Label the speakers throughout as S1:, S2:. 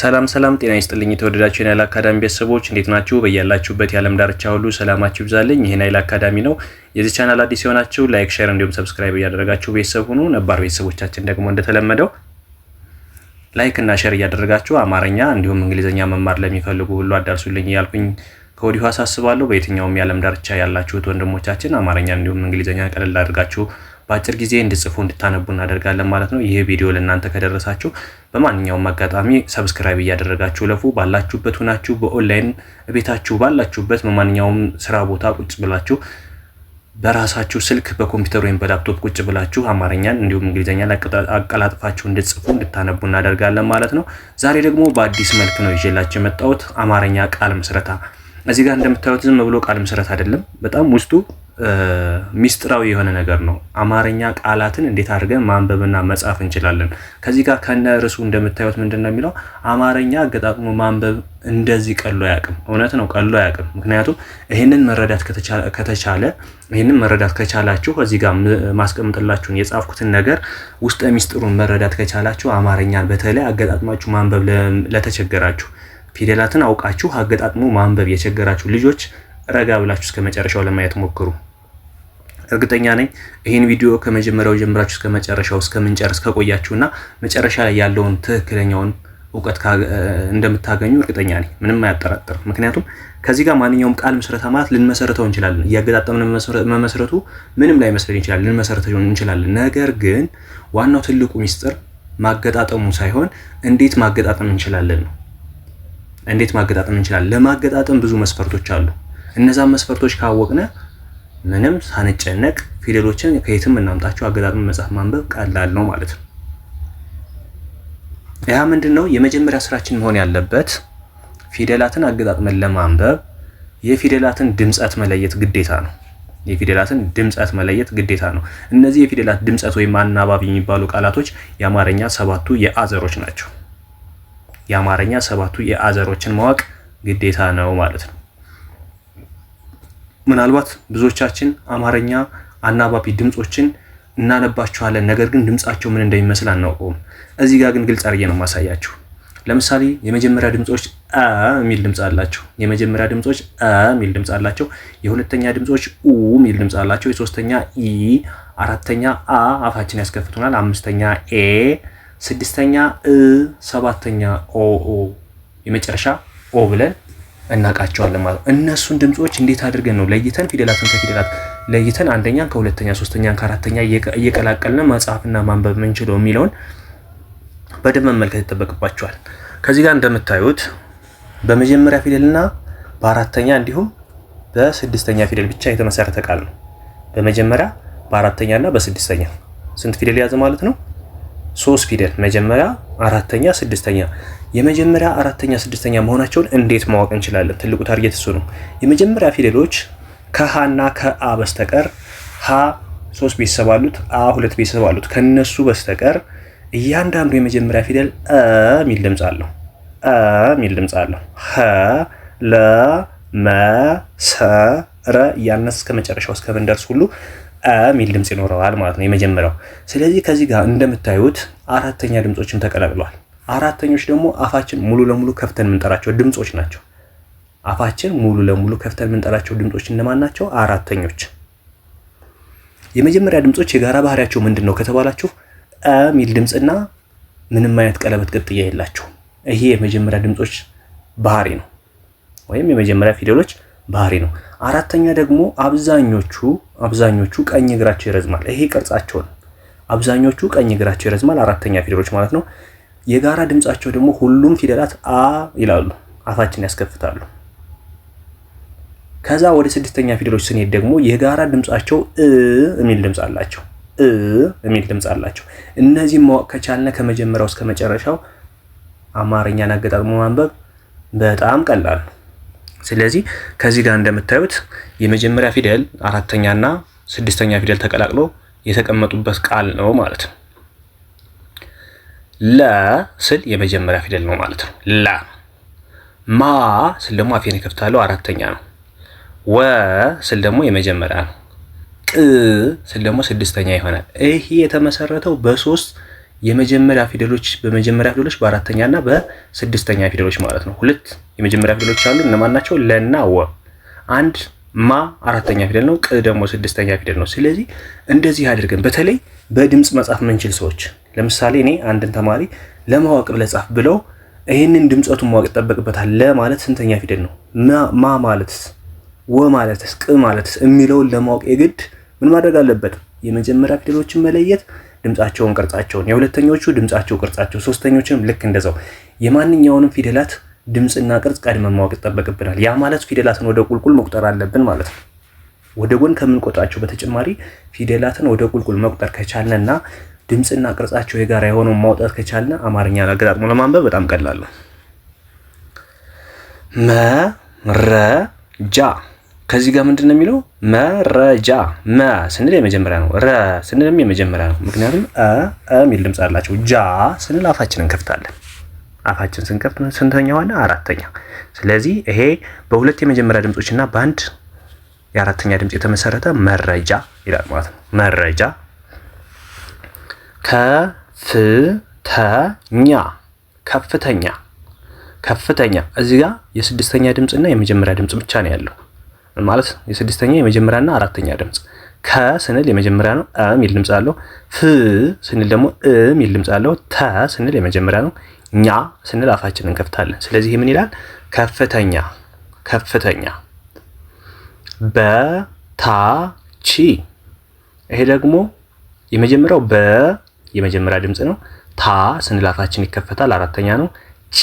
S1: ሰላም ሰላም፣ ጤና ይስጥልኝ የተወደዳችሁ የናይል አካዳሚ ቤተሰቦች እንዴት ናችሁ? በያላችሁበት የዓለም ዳርቻ ሁሉ ሰላማችሁ ይብዛልኝ። ይህ ናይል አካዳሚ ነው። የዚህ ቻናል አዲስ የሆናችሁ ላይክ፣ ሼር እንዲሁም ሰብስክራይብ እያደረጋችሁ ቤተሰብ ሁኑ። ነባር ቤተሰቦቻችን ደግሞ እንደተለመደው ላይክ እና ሼር እያደረጋችሁ አማርኛ እንዲሁም እንግሊዝኛ መማር ለሚፈልጉ ሁሉ አዳርሱልኝ እያልኩኝ ከወዲሁ አሳስባለሁ። በየትኛውም የዓለም ዳርቻ ያላችሁት ወንድሞቻችን አማርኛ እንዲሁም እንግሊዝኛ ቀለል አድርጋችሁ በአጭር ጊዜ እንድጽፉ እንድታነቡ እናደርጋለን ማለት ነው። ይህ ቪዲዮ ለእናንተ ከደረሳችሁ በማንኛውም አጋጣሚ ሰብስክራይብ እያደረጋችሁ ለፉ ባላችሁበት ሁናችሁ በኦንላይን ቤታችሁ ባላችሁበት በማንኛውም ስራ ቦታ ቁጭ ብላችሁ በራሳችሁ ስልክ በኮምፒውተር ወይም በላፕቶፕ ቁጭ ብላችሁ አማርኛን እንዲሁም እንግሊዝኛን አቀላጥፋችሁ እንድጽፉ እንድታነቡ እናደርጋለን ማለት ነው። ዛሬ ደግሞ በአዲስ መልክ ነው ይዤላችሁ የመጣሁት አማርኛ ቃል ምስረታ። እዚህ ጋር እንደምታዩት ዝም ብሎ ቃል ምስረታ አይደለም፣ በጣም ውስጡ ሚስጥራዊ የሆነ ነገር ነው። አማርኛ ቃላትን እንዴት አድርገን ማንበብና መጻፍ እንችላለን? ከዚህ ጋር ከነ ርዕሱ እንደምታዩት ምንድን ነው የሚለው አማርኛ አገጣጥሞ ማንበብ እንደዚህ ቀሎ አያውቅም። እውነት ነው፣ ቀሎ አያውቅም። ምክንያቱም ይህንን መረዳት ከተቻለ ይህንን መረዳት ከቻላችሁ ከዚህ ጋር ማስቀምጥላችሁን የጻፍኩትን ነገር ውስጠ ሚስጥሩን መረዳት ከቻላችሁ አማርኛን በተለይ አገጣጥማችሁ ማንበብ ለተቸገራችሁ፣ ፊደላትን አውቃችሁ አገጣጥሞ ማንበብ የቸገራችሁ ልጆች ረጋ ብላችሁ እስከ መጨረሻው ለማየት ሞክሩ። እርግጠኛ ነኝ ይህን ቪዲዮ ከመጀመሪያው ጀምራችሁ እስከ መጨረሻው እስከምንጨርስ ከቆያችሁና መጨረሻ ላይ ያለውን ትክክለኛውን እውቀት እንደምታገኙ እርግጠኛ ነኝ። ምንም አያጠራጥርም። ምክንያቱም ከዚህ ጋር ማንኛውም ቃል ምስረታ ማለት ልንመሰረተው እንችላለን። እያገጣጠምን መመስረቱ ምንም ላይ መስለን ይችላል፣ ልንመሰረተው እንችላለን። ነገር ግን ዋናው ትልቁ ሚስጥር ማገጣጠሙ ሳይሆን እንዴት ማገጣጠም እንችላለን ነው። እንዴት ማገጣጠም እንችላለን? ለማገጣጠም ብዙ መስፈርቶች አሉ። እነዛን መስፈርቶች ካወቅነ ምንም ሳንጨነቅ ፊደሎችን ከየትም እናምጣቸው አገጣጥመን መጽሐፍ ማንበብ ቀላል ነው ማለት ነው። ያ ምንድን ነው የመጀመሪያ ስራችን መሆን ያለበት ፊደላትን አገጣጥመን ለማንበብ የፊደላትን ድምጸት መለየት ግዴታ ነው። የፊደላትን ድምጸት መለየት ግዴታ ነው። እነዚህ የፊደላት ድምጸት ወይም አናባቢ የሚባሉ ቃላቶች የአማርኛ ሰባቱ የአዘሮች ናቸው። የአማርኛ ሰባቱ የአዘሮችን ማወቅ ግዴታ ነው ማለት ነው። ምናልባት ብዙዎቻችን አማርኛ አናባቢ ድምፆችን እናነባቸዋለን፣ ነገር ግን ድምፃቸው ምን እንደሚመስል አናውቀውም። እዚህ ጋር ግን ግልጽ አድርጌ ነው ማሳያችሁ። ለምሳሌ የመጀመሪያ ድምፆች አ የሚል ድምፅ አላቸው። የመጀመሪያ ድምፆች አ የሚል ድምፅ አላቸው። የሁለተኛ ድምፆች ኡ የሚል ድምፅ አላቸው። የሶስተኛ ኢ፣ አራተኛ አ አፋችን ያስከፍቱናል። አምስተኛ ኤ፣ ስድስተኛ እ፣ ሰባተኛ ኦ ኦ፣ የመጨረሻ ኦ ብለን እናውቃቸዋለን ማለት ነው። እነሱን ድምፆች እንዴት አድርገን ነው ለይተን ፊደላትን ከፊደላት ለይተን አንደኛን ከሁለተኛ ሶስተኛን ከአራተኛ እየቀላቀልን መጽሐፍና ማንበብ የምንችለው የሚለውን በደንብ መመልከት ይጠበቅባቸዋል። ከዚህ ጋር እንደምታዩት በመጀመሪያ ፊደልና በአራተኛ እንዲሁም በስድስተኛ ፊደል ብቻ የተመሰረተ ቃል ነው። በመጀመሪያ በአራተኛና በስድስተኛ ስንት ፊደል የያዘ ማለት ነው? ሶስት ፊደል መጀመሪያ፣ አራተኛ፣ ስድስተኛ የመጀመሪያ አራተኛ ስድስተኛ መሆናቸውን እንዴት ማወቅ እንችላለን? ትልቁ ታርጌት እሱ ነው። የመጀመሪያ ፊደሎች ከሃ እና ከአ በስተቀር ሀ ሶስት ቤተሰብ አሉት፣ አ ሁለት ቤተሰብ አሉት። ከነሱ በስተቀር እያንዳንዱ የመጀመሪያ ፊደል አ ሚል ድምፅ አለው አ ሚል ድምፅ አለው። ሀ ለ መ ሰ ረ እያነስ እስከ መጨረሻው እስከምንደርስ ሁሉ አ ሚል ድምፅ ይኖረዋል ማለት ነው የመጀመሪያው። ስለዚህ ከዚህ ጋር እንደምታዩት አራተኛ ድምፆችም ተቀላቅሏል። አራተኞች ደግሞ አፋችን ሙሉ ለሙሉ ከፍተን የምንጠራቸው ድምጾች ናቸው። አፋችን ሙሉ ለሙሉ ከፍተን የምንጠራቸው ድምጾች እነማን ናቸው? አራተኞች። የመጀመሪያ ድምጾች የጋራ ባህሪያቸው ምንድን ነው ከተባላችሁ አ ድምፅና ምንም አይነት ቀለበት ቅጥያ የላቸውም? ይሄ የመጀመሪያ ድምጾች ባህሪ ነው፣ ወይም የመጀመሪያ ፊደሎች ባህሪ ነው። አራተኛ ደግሞ አብዛኞቹ አብዛኞቹ ቀኝ እግራቸው ይረዝማል። ይሄ ቅርጻቸው ነው። አብዛኞቹ ቀኝ እግራቸው ይረዝማል፣ አራተኛ ፊደሎች ማለት ነው። የጋራ ድምጻቸው ደግሞ ሁሉም ፊደላት አ ይላሉ፣ አፋችን ያስከፍታሉ። ከዛ ወደ ስድስተኛ ፊደሎች ስንሄድ ደግሞ የጋራ ድምጻቸው እ የሚል ድምጽ አላቸው እ የሚል ድምጽ አላቸው። እነዚህም ማወቅ ከቻልነ ከመጀመሪያው እስከ መጨረሻው አማርኛን አገጣጥሞ ማንበብ በጣም ቀላል ነው። ስለዚህ ከዚህ ጋር እንደምታዩት የመጀመሪያ ፊደል አራተኛና ስድስተኛ ፊደል ተቀላቅሎ የተቀመጡበት ቃል ነው ማለት ነው። ለስል የመጀመሪያ ፊደል ነው ማለት ነው። ላ ማ ስል ደግሞ አፌን ከፍታለሁ አራተኛ ነው። ወ ስል ደግሞ የመጀመሪያ ነው። ቅ ስል ደግሞ ስድስተኛ ይሆናል። ይህ የተመሰረተው በሶስት የመጀመሪያ ፊደሎች በመጀመሪያ ፊደሎች በአራተኛ እና በስድስተኛ ፊደሎች ማለት ነው። ሁለት የመጀመሪያ ፊደሎች አሉ። እነማን ናቸው? ለና ወ አንድ ማ አራተኛ ፊደል ነው። ቅ ደግሞ ስድስተኛ ፊደል ነው። ስለዚህ እንደዚህ አድርገን በተለይ በድምፅ መጻፍ ምንችል ሰዎች ለምሳሌ እኔ አንድን ተማሪ ለማወቅ ብለህ ጻፍ ብለው ይህንን ድምፀቱን ማወቅ ይጠበቅበታል። ለ ማለት ስንተኛ ፊደል ነው? ማ ማለትስ፣ ወ ማለትስ፣ ቅ ማለትስ የሚለውን ለማወቅ የግድ ምን ማድረግ አለበት? የመጀመሪያ ፊደሎችን መለየት ድምፃቸውን፣ ቅርጻቸውን፣ የሁለተኞቹ ድምፃቸው፣ ቅርጻቸው፣ ሶስተኞችንም ልክ እንደዛው የማንኛውንም ፊደላት ድምፅና ቅርጽ ቀድመን ማወቅ ይጠበቅብናል። ያ ማለት ፊደላትን ወደ ቁልቁል መቁጠር አለብን ማለት ነው። ወደ ጎን ከምንቆጥራቸው በተጨማሪ ፊደላትን ወደ ቁልቁል መቁጠር ከቻልንና ድምፅና ቅርጻቸው የጋራ የሆነውን ማውጣት ከቻልን አማርኛ አገጣጥሞ ለማንበብ በጣም ቀላል ነው። መረጃ ከዚህ ጋር ምንድን ነው የሚለው? መረጃ መ ስንል የመጀመሪያ ነው። ረ ስንልም የመጀመሪያ ነው። ምክንያቱም አ የሚል ድምፅ አላቸው። ጃ ስንል አፋችንን ከፍታለን። አፋችን ስንከፍት ስንተኛ ሆነ? አራተኛ። ስለዚህ ይሄ በሁለት የመጀመሪያ ድምጾች እና በአንድ የአራተኛ ድምጽ የተመሰረተ መረጃ ይላል ማለት ነው። መረጃ ከፍተኛ ከፍተኛ ከፍተኛ እዚህ ጋር የስድስተኛ እና የመጀመሪያ ድምጽ ብቻ ነው ያለው ማለት የስድስተኛ የመጀመሪያና አራተኛ ድምጽ ከ ስንል የመጀመሪያ ነው፣ አ የሚል ድምፅ አለው። ፍ ስንል ደግሞ እ የሚል ድምፅ አለው። ተ ስንል የመጀመሪያ ነው። ኛ ስንል አፋችንን እንከፍታለን። ስለዚህ ምን ይላል? ከፍተኛ ከፍተኛ። በታቺ ይሄ ደግሞ የመጀመሪያው በ የመጀመሪያ ድምፅ ነው። ታ ስንል አፋችን ይከፈታል፣ አራተኛ ነው። ች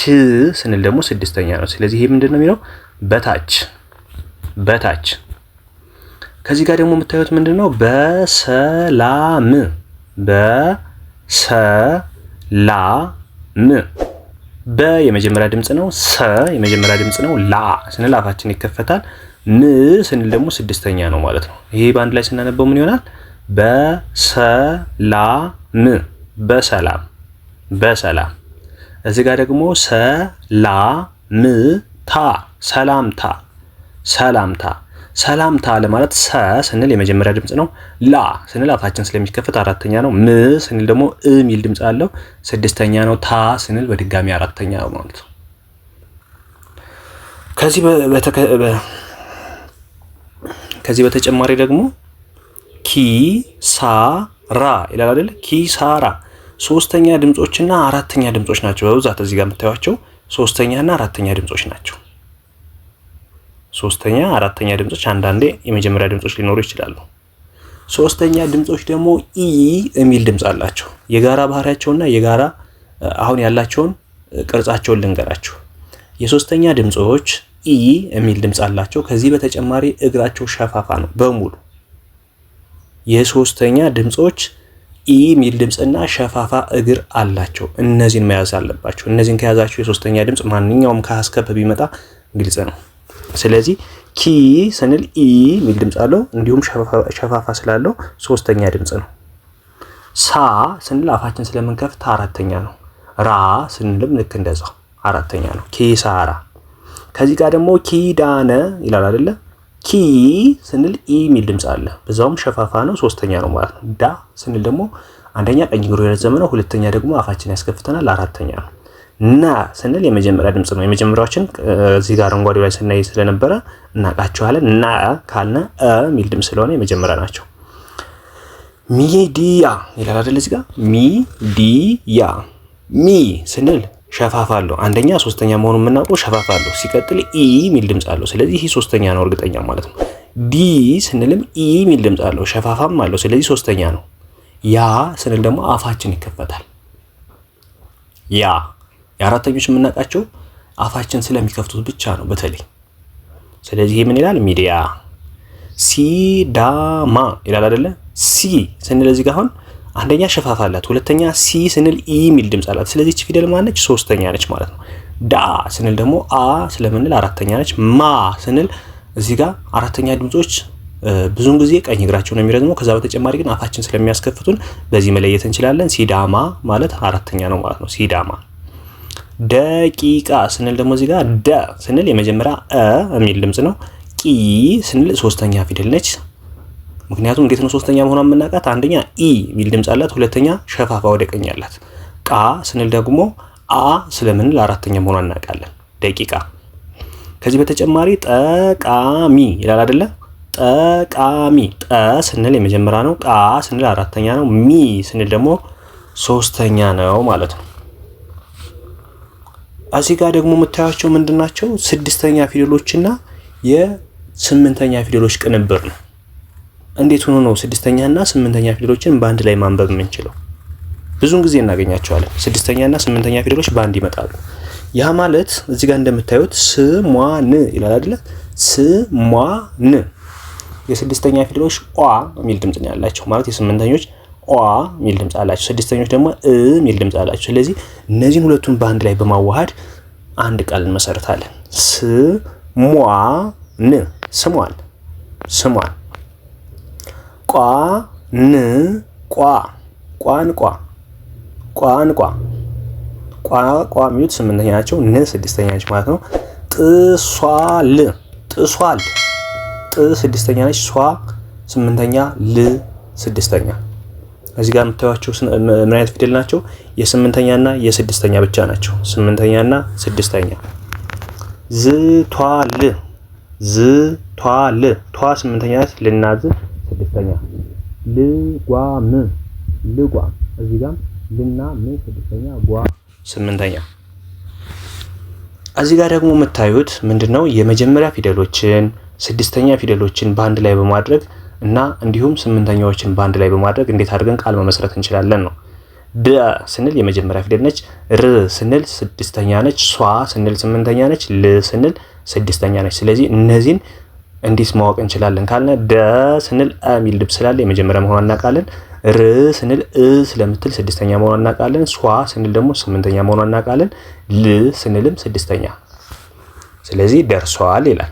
S1: ስንል ደግሞ ስድስተኛ ነው። ስለዚህ ይሄ ምንድን ነው የሚለው? በታች በታች ከዚህ ጋር ደግሞ የምታዩት ምንድን ነው? በሰላም በሰላም በ የመጀመሪያ ድምፅ ነው። ሰ የመጀመሪያ ድምፅ ነው። ላ ስንል አፋችን ይከፈታል። ም ስንል ደግሞ ስድስተኛ ነው ማለት ነው። ይሄ በአንድ ላይ ስናነበው ምን ይሆናል? በሰላም በሰላም በሰላም። እዚህ ጋር ደግሞ ሰላምታ ሰላምታ ሰላምታ ሰላምታ ለማለት ሰ ስንል የመጀመሪያ ድምፅ ነው። ላ ስንል አፋችን ስለሚከፍት አራተኛ ነው። ም ስንል ደግሞ እ የሚል ድምፅ አለው ስድስተኛ ነው። ታ ስንል በድጋሚ አራተኛ ነው ማለት ነው። ከዚህ በተጨማሪ ደግሞ ኪ ሳ ራ ይላል አይደል? ኪ ሳ ራ ሶስተኛ ድምጾችና አራተኛ ድምጾች ናቸው በብዛት እዚህ ጋር የምታዩቸው ሶስተኛና አራተኛ ድምጾች ናቸው። ሶስተኛ፣ አራተኛ ድምጾች አንዳንዴ የመጀመሪያ ድምጾች ሊኖሩ ይችላሉ። ሶስተኛ ድምጾች ደግሞ ኢ የሚል ድምፅ አላቸው። የጋራ ባህሪያቸውና የጋራ አሁን ያላቸውን ቅርጻቸውን ልንገራችሁ። የሶስተኛ ድምጾች ኢ የሚል ድምፅ አላቸው። ከዚህ በተጨማሪ እግራቸው ሸፋፋ ነው በሙሉ የሶስተኛ ድምጾች ኢ የሚል ድምፅና ሸፋፋ እግር አላቸው። እነዚህን መያዝ አለባቸው። እነዚህን ከያዛቸው የሶስተኛ ድምፅ ማንኛውም ከሀስከብ ቢመጣ ግልጽ ነው። ስለዚህ ኪ ስንል ኢ የሚል ድምፅ አለው። እንዲሁም ሸፋፋ ስላለው ሶስተኛ ድምፅ ነው። ሳ ስንል አፋችን ስለምንከፍት አራተኛ ነው። ራ ስንልም ልክ እንደዛው አራተኛ ነው። ኪሳራ። ከዚህ ጋር ደግሞ ኪዳነ ይላል አይደለ? ኪ ስንል ኢ የሚል ድምፅ አለ። በዛውም ሸፋፋ ነው፣ ሶስተኛ ነው ማለት ነው። ዳ ስንል ደግሞ አንደኛ ቀኝ እግሩ የረዘመ ነው፣ ሁለተኛ ደግሞ አፋችን ያስከፍተናል፣ አራተኛ ነው። ና ስንል የመጀመሪያ ድምፅ ነው። የመጀመሪያዎችን እዚህ ጋር አረንጓዴ ላይ ስናይ ስለነበረ እናውቃቸዋለን። ና ካልነ ሚል ድምፅ ስለሆነ የመጀመሪያ ናቸው። ሚዲያ ይላል አይደል? እዚህ ጋር ሚዲያ ሚ ስንል ሸፋፍ አለው። አንደኛ ሶስተኛ መሆኑ የምናውቀው ሸፋፍ አለው። ሲቀጥል ኢ ሚል ድምፅ አለው። ስለዚህ ይህ ሶስተኛ ነው እርግጠኛ ማለት ነው። ዲ ስንልም ኢ ሚል ድምፅ አለው፣ ሸፋፋም አለው። ስለዚህ ሶስተኛ ነው። ያ ስንል ደግሞ አፋችን ይከፈታል። ያ የአራተኞች የምናውቃቸው አፋችን ስለሚከፍቱት ብቻ ነው በተለይ ስለዚህ ይህ ምን ይላል ሚዲያ ሲዳማ ይላል አደለ ሲ ስንል እዚህ ጋር አሁን አንደኛ ሸፋፍ አላት ሁለተኛ ሲ ስንል ኢ የሚል ድምፅ አላት ስለዚህ እች ፊደል ማነች ሶስተኛ ነች ማለት ነው ዳ ስንል ደግሞ አ ስለምንል አራተኛ ነች ማ ስንል እዚህ ጋ አራተኛ ድምፆች ብዙውን ጊዜ ቀኝ እግራቸው ነው የሚረዝመው። ከዛ በተጨማሪ ግን አፋችን ስለሚያስከፍቱን በዚህ መለየት እንችላለን። ሲዳማ ማለት አራተኛ ነው ማለት ነው ሲዳማ ደቂቃ ስንል ደግሞ እዚህ ጋር ደ ስንል የመጀመሪያ እ የሚል ድምፅ ነው። ቂ ስንል ሶስተኛ ፊደል ነች። ምክንያቱም እንዴት ነው ሶስተኛ መሆኗ የምናውቃት? አንደኛ ኢ የሚል ድምፅ አላት፣ ሁለተኛ ሸፋፋ ወደ ቀኝ አላት። ቃ ስንል ደግሞ አ ስለምንል አራተኛ መሆኗ እናውቃለን። ደቂቃ ከዚህ በተጨማሪ ጠቃሚ ይላል አደለ? ጠቃሚ ጠ ስንል የመጀመሪያ ነው። ቃ ስንል አራተኛ ነው። ሚ ስንል ደግሞ ሶስተኛ ነው ማለት ነው። እዚህ ጋር ደግሞ የምታያቸው ምንድን ናቸው? ስድስተኛ ፊደሎችና የስምንተኛ ፊደሎች ቅንብር ነው። እንዴት ሆኖ ነው ስድስተኛና ስምንተኛ ፊደሎችን በአንድ ላይ ማንበብ የምንችለው? ብዙን ጊዜ እናገኛቸዋለን። ስድስተኛና ስምንተኛ ፊደሎች በአንድ ይመጣሉ። ያ ማለት እዚህ ጋር እንደምታዩት ስሟን ይላል አይደለ? ስሟን የስድስተኛ ፊደሎች ቋ የሚል ድምጽ ነው ያላቸው ማለት የስምንተኞች ኦ ሚል ድምፅ አላቸው። ስድስተኞች ደግሞ እ ሚል ድምፅ አላቸው። ስለዚህ እነዚህን ሁለቱን በአንድ ላይ በማዋሃድ አንድ ቃል እንመሰርታለን። ስሟን ስሟን ስሟን ቋ ቋንቋ ቋንቋ ቋንቋ የሚሉት ስምንተኛ ናቸው። ን ስድስተኛ ነች ማለት ነው። ጥሷል ጥሷል ጥ ስድስተኛ ነች። ሷ ስምንተኛ ል ስድስተኛ እዚህ ጋር የምታዩቸው ምን አይነት ፊደል ናቸው? የስምንተኛና የስድስተኛ ብቻ ናቸው። ስምንተኛና ስድስተኛ ዝቷል ዝቷል ቷ ስምንተኛ ናት። ልናዝ ስድስተኛ ልጓም ልጓም እዚህ ጋም ልና ም ስድስተኛ ጓ ስምንተኛ እዚህ ጋር ደግሞ የምታዩት ምንድነው የመጀመሪያ ፊደሎችን ስድስተኛ ፊደሎችን በአንድ ላይ በማድረግ እና እንዲሁም ስምንተኛዎችን በአንድ ላይ በማድረግ እንዴት አድርገን ቃል መመስረት እንችላለን ነው። ደ ስንል የመጀመሪያ ፊደል ነች። ር ስንል ስድስተኛ ነች። ሷ ስንል ስምንተኛ ነች። ል ስንል ስድስተኛ ነች። ስለዚህ እነዚህን እንዲስ ማወቅ እንችላለን ካልነ ደ ስንል አ ሚል ድምፅ ስላለ የመጀመሪያ መሆኗ እናውቃለን። ር ስንል እ ስለምትል ስድስተኛ መሆኗ እናውቃለን። ሷ ስንል ደግሞ ስምንተኛ መሆኗ እናውቃለን። ል ስንልም ስድስተኛ። ስለዚህ ደርሷል ይላል።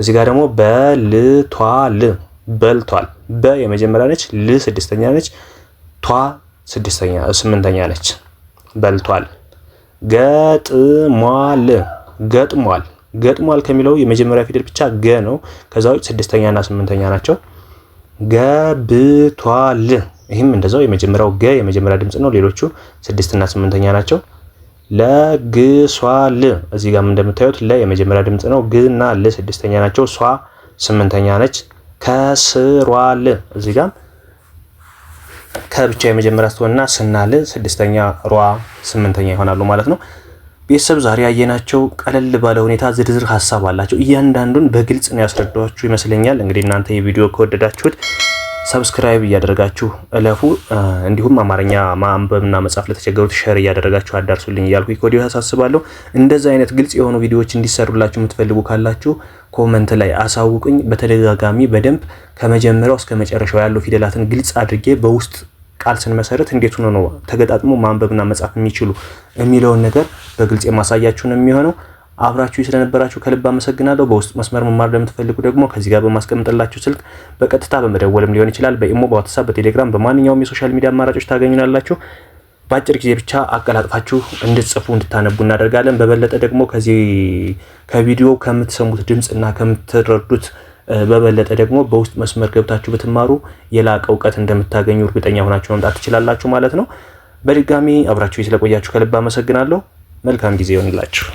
S1: እዚህ ጋር ደግሞ በልቷል በልቷል። በ የመጀመሪያ ነች፣ ል ስድስተኛ ነች፣ ቷ ስድስተኛ ስምንተኛ ነች። በልቷል። ገጥሟል ገጥሟል ገጥሟል ከሚለው የመጀመሪያ ፊደል ብቻ ገ ነው። ከዛ ውጭ ስድስተኛና ስምንተኛ ናቸው። ገብቷል ይህም እንደዛው የመጀመሪያው ገ የመጀመሪያ ድምፅ ነው። ሌሎቹ ስድስትና ስምንተኛ ናቸው። ለግሷል እዚህ ጋር እንደምታዩት ለ የመጀመሪያ ድምፅ ነው። ግና ል ስድስተኛ ናቸው። ሷ ስምንተኛ ነች። ከስሯል። እዚህ ጋር ከብቻ የመጀመሪያ ስትሆንና ስናል ስድስተኛ ሯ ስምንተኛ ይሆናሉ ማለት ነው። ቤተሰብ ዛሬ ያየናቸው ቀለል ባለ ሁኔታ ዝርዝር ሀሳብ አላቸው። እያንዳንዱን በግልጽ ነው ያስረዳችሁ ይመስለኛል። እንግዲህ እናንተ የቪዲዮ ከወደዳችሁት ሰብስክራይብ እያደረጋችሁ እለፉ። እንዲሁም አማርኛ ማንበብና መጻፍ ለተቸገሩት ሸር እያደረጋችሁ አዳርሱልኝ እያልኩ ከወዲሁ ያሳስባለሁ። እንደዚህ አይነት ግልጽ የሆኑ ቪዲዮዎች እንዲሰሩላችሁ የምትፈልጉ ካላችሁ ኮመንት ላይ አሳውቁኝ። በተደጋጋሚ በደንብ ከመጀመሪያው እስከ መጨረሻው ያለው ፊደላትን ግልጽ አድርጌ በውስጥ ቃል ስንመሰረት እንዴት ሆኖ ነው ተገጣጥሞ ማንበብና መጻፍ የሚችሉ የሚለውን ነገር በግልጽ የማሳያችሁ ነው የሚሆነው። አብራችሁ ስለነበራችሁ ከልብ አመሰግናለሁ። በውስጥ መስመር መማር ለምትፈልጉ ደግሞ ከዚህ ጋር በማስቀምጥላችሁ ስልክ በቀጥታ በመደወልም ሊሆን ይችላል። በኢሞ፣ በዋትሳፕ፣ በቴሌግራም በማንኛውም የሶሻል ሚዲያ አማራጮች ታገኙናላችሁ። በአጭር ጊዜ ብቻ አቀላጥፋችሁ እንድትጽፉ እንድታነቡ እናደርጋለን። በበለጠ ደግሞ ከዚህ ከቪዲዮ ከምትሰሙት ድምፅ እና ከምትረዱት በበለጠ ደግሞ በውስጥ መስመር ገብታችሁ ብትማሩ የላቀ እውቀት እንደምታገኙ እርግጠኛ ሆናችሁ መምጣት ትችላላችሁ ማለት ነው። በድጋሚ አብራችሁ ስለቆያችሁ ከልብ አመሰግናለሁ። መልካም ጊዜ ይሆንላችሁ።